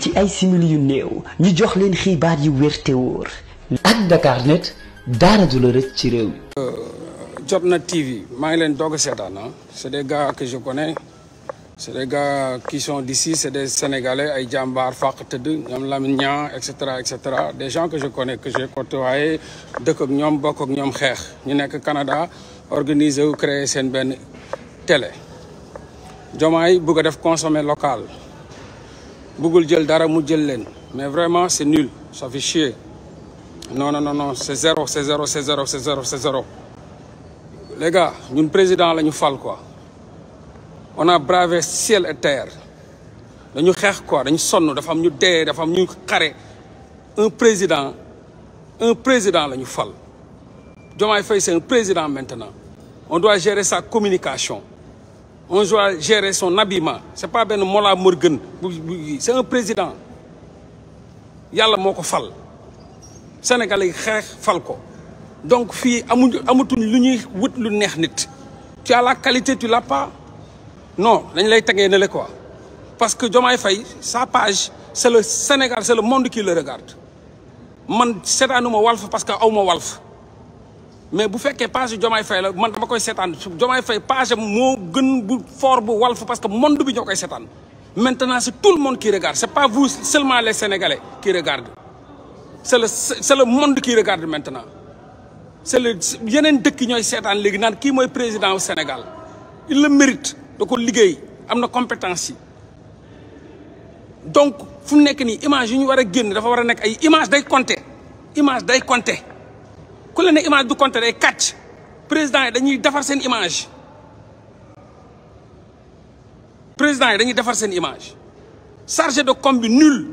ci ay simili yu néew ñu jox leen xibaar yu wér te wóor. ak Dakar net daara du la rëcc ci réew mi. Euh, Jotna TV maa ngi leen doog a seetaan ah c'est des gars que je connais c'est des gars qui sont d'ici des sénégalais ay jàmbaar fàq tëdd ñoom Lamine Niang et des gens que je connais que j'ai côtoyé dëkk ñoom bokk ñoom xeex ñu nekk Canada organiser wu créer seen benn télé. Jomaay bugg def consommer local. bëggul jël dara mu jël leen mais vraiment c'est nul ça fait chier non non non non c'est zéro c'est zéro c'est zéro c'est zéro ñun président la ñu fal quoi on a bravé ciel et terre dañu xeex quoi dañu sonn dafa am ñu dee dafa am ñu xare un président un président la ñu fal Diomaye Faye c'est un président maintenant on doit gérer sa communication on doit gérer son habillement c'est pas benn Mollah Morgun bu c'est un président yàlla moo ko fal sénégalais yi xeex fal ko donc fii amuñu amatuñ lu ñuy wut lu neex nit tu as la qualité tu l'as pas non dañ lay tegee ne le quoi parce que Diomaye Faye sa page c'est le Sénégal c'est le monde qui le regarde man seetaanuma Walf parce que awma Walf mais bu fekkee page Diomaye Faye la man dama koy seetaan Diomaye Faye page moo gën bu foor bu Walf parce que monde bi ñoo koy seetaan maintenant c'est tout le monde qui regarde c'est pas vous seulement les Sénégalais qui regardent c'est le c'est le monde qui regarde maintenant c'est le yeneen dëkk ñooy seetaan léegi naan kii mooy président au Sénégal il le mérite da ko liggéey am na compétence yi donc fu mu nekk nii image yu ñu war a génn dafa war a nekk ay image day compter image day compter ku la ne image du compte day kàcc président dañuy defar seen image président yi dañuy defar seen image chargé de comme bi nul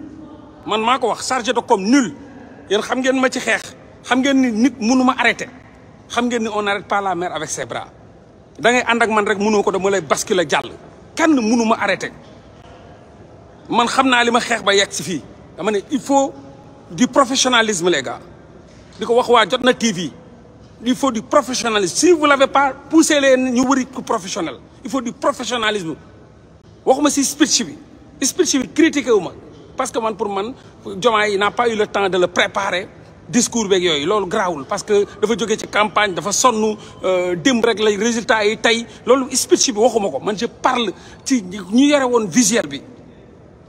man maa ko wax chargé de comme nul yéen xam ngeen ma ci xeex xam ngeen ni nit mënuma arrêté xam ngeen ni on n'arrête pas la mer avec ses bras da ngay ànd ak man rek mënoo ko dama lay basculer jàll kenn mënuma arrêté man xam naa li ma xeex ba yegg si fii dama ne il faut du professionnalisme les di ko wax waa jot na TV il faut du professionnalisme si vous l'avez pas poussé leen ñu wëri ku professionnel il faut du professionnalisme waxuma si speech bi speech bi critiqué wu ma parce que man pour man yi n'a pas eu le temps de le préparer discours beeg yooyu loolu garaawul parce que dafa joge ci campagne dafa sonn euh, démb rek la résultat yi tey loolu speech bi waxuma ko man je parle ci ñu yore woon visuel bi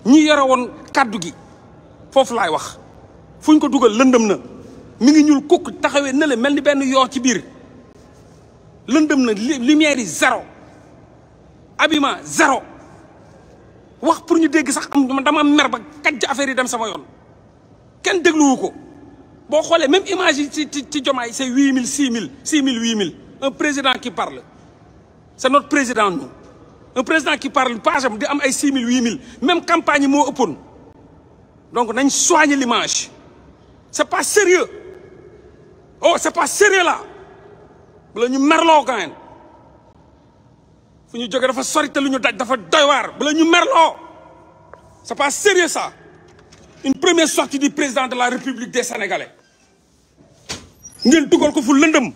ñu yore woon kàddu gi foofu laay wax fu ko dugal lëndëm na mi ngi ñuul kukk taxawee na la mel ni benn yoo ci biir lëndëm na lumière yi zéro abima zéro wax pour ñu dégg sax am dama mer ba kajj affaire dem sama yoon kenn dégluwu ko boo xoolee même image yi ci ci ci jomaay c'est huit mille six mille six mille huit mille un président qui parle c'est notre président nous un président qui parle page am di am ay six mille huit mille même campagne moo ëppoon donc nañ soigner l'image c'est pas sérieux oh c'est pas sérieux la bala ñu merloo quand même fu ñu jógee dafa sori te lu ñu daj dafa doy waar bala ñu merloo c'est pas sérieux ça une première sortie du président de la république des sénégalais ngeen dugal ko fu lëndëm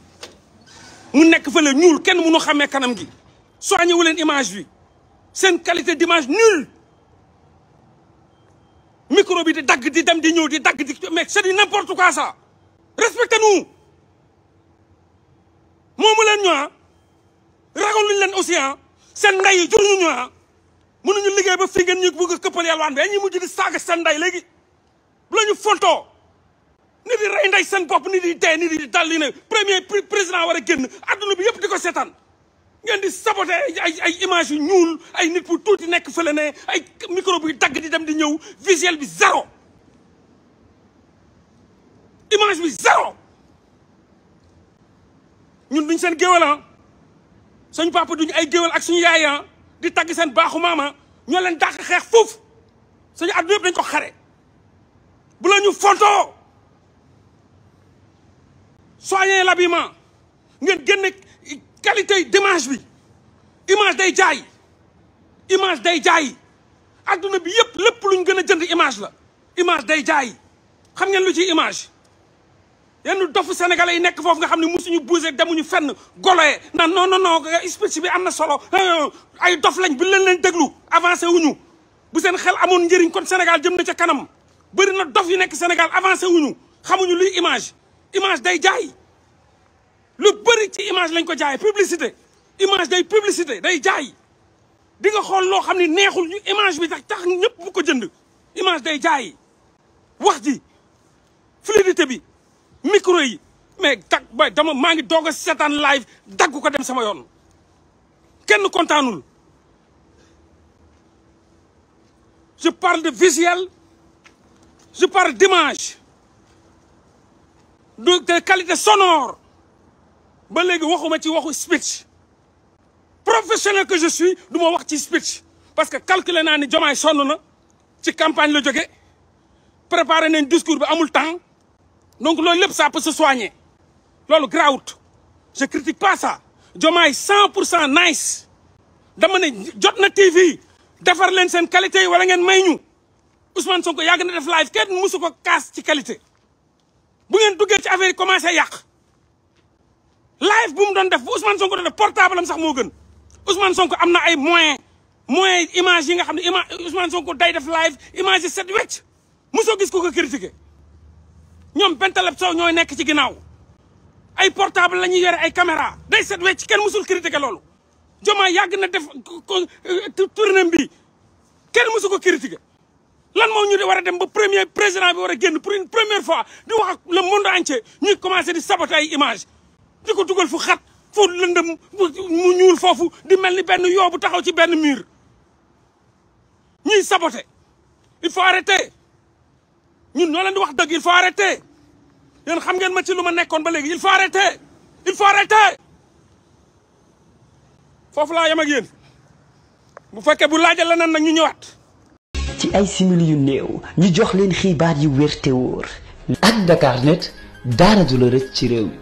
mu nekk fële ñuul kenn mënu xame kanam gi soigné wu leen image bi seen qualité d'image nulle micro bi di dagg di dem di ñëw di dagg di mais c'est du n'importe quoi ça respectez-nous moomu leen ñu ah ragaluñ leen aussi ah seen ndey yi jur ñu ñu ah. mun mënuñu liggéey ba fii ngeen ñu bëgg a këppal yàlwaan bi dañuy mujj di saaga seen ndey léegi bu la ñu fontoo nit di rey ndey seen bopp nit di dee nit di dal li ne premier président war a génn adduna bi yëpp di ko seetaan ngeen di saboté ay ay image yu ñuul ay nit bu tuuti nekk fële ne ay micro buy dagg di dem di ñëw visuel bi zéro image bi zéro ñun duñ seen géwél ah suñ duñu ay géwél ak suñu yaay ah. di tagg seen baaxumaama maama ah. ñoo leen dàq xeex foofu suñu àdduna yëpp dañ ko xare bu la ñu fontoo soignez l'habillement ngeen génne qualité d'image bi image day jaay image day jaay adduna bi yëpp lépp luñ gën a jënd image la image day jaay xam ngeen lu ci image yenn dofu sénégale yi nekk foofu nga xam ne musuñu bougé ñu fenn goloye nan non non non espèce bi am na solo ay dof lañ bu leen leen déglu avancé wuñu bu seen xel amoon njëriñ kon Sénégal jëm na ca kanam bëri na dof yi nekk Sénégal avancé wuñu xamuñu luy image image day jaay lu bëri ci image lañ ko jaay publicité image day publicité day jaay di xool loo xam ne neexul ñu image bi tax tax ñëpp bu ko jënd image day jaay wax ji fluidité bi micro yi mais dag bay maa ngi doog a seetaan live daggu ko dem sama yoon kenn kontaanul je parle de visuel je parle d'image de de qualité sonore ba léegi waxuma ci waxu speech professionnel que je suis du ma wax ci speech parce que calculer naa ni jomaay sonn na ci campagne la jóge préparé nañ discours bi amul temps donc loolu lépp ça peut se soigner loolu grawut je critique pas ça jomaay pour cent nice dama ne jot na TV defar leen seen qualité yi wala ngeen may ñu Ousmane Sonko yàgg na def live kenn musu ko kaas ci qualité bu ngeen duggee ci affaire yi commencé yàq live bu mu doon def bu Ousmane Sonko doon def portable am sax moo gën Ousmane Sonko am na ay moyen moyen image yi nga xam ne image Ousmane Sonko day def live image yi set wecc musoo gis ku ko critiqué ñoom Bentaleb Sow ñooy nekk ci ginnaaw ay portable la ñuy yore ay caméra day set wecc kenn musul critiquer loolu Diomaye yàgg na def tournée bi kenn musu ko critiquer lan moo ñu war a dem ba premier président bi war a génn pour une première fois di wax ak le monde entier ñuy commencé di saboter ay image di ko dugal fu xat fu lëndëm mu ñuul foofu di mel ni benn yoo bu taxaw ci benn mur ñuy saboter il faut arrêter ñun ñoo leen di wax dëgg il faut arrêter yéen xam ngeen ma ci lu ma nekkoon ba léegi il faut arrêter il faut arrêter foofu laa yem ak yéen bu fekkee bu laajee leneen nag ñu ñëwaat. ci ay simili yu néew ñu jox leen xibaar yu wér te wóor. ak Dakarnet dara du la rëcc ci réew mi.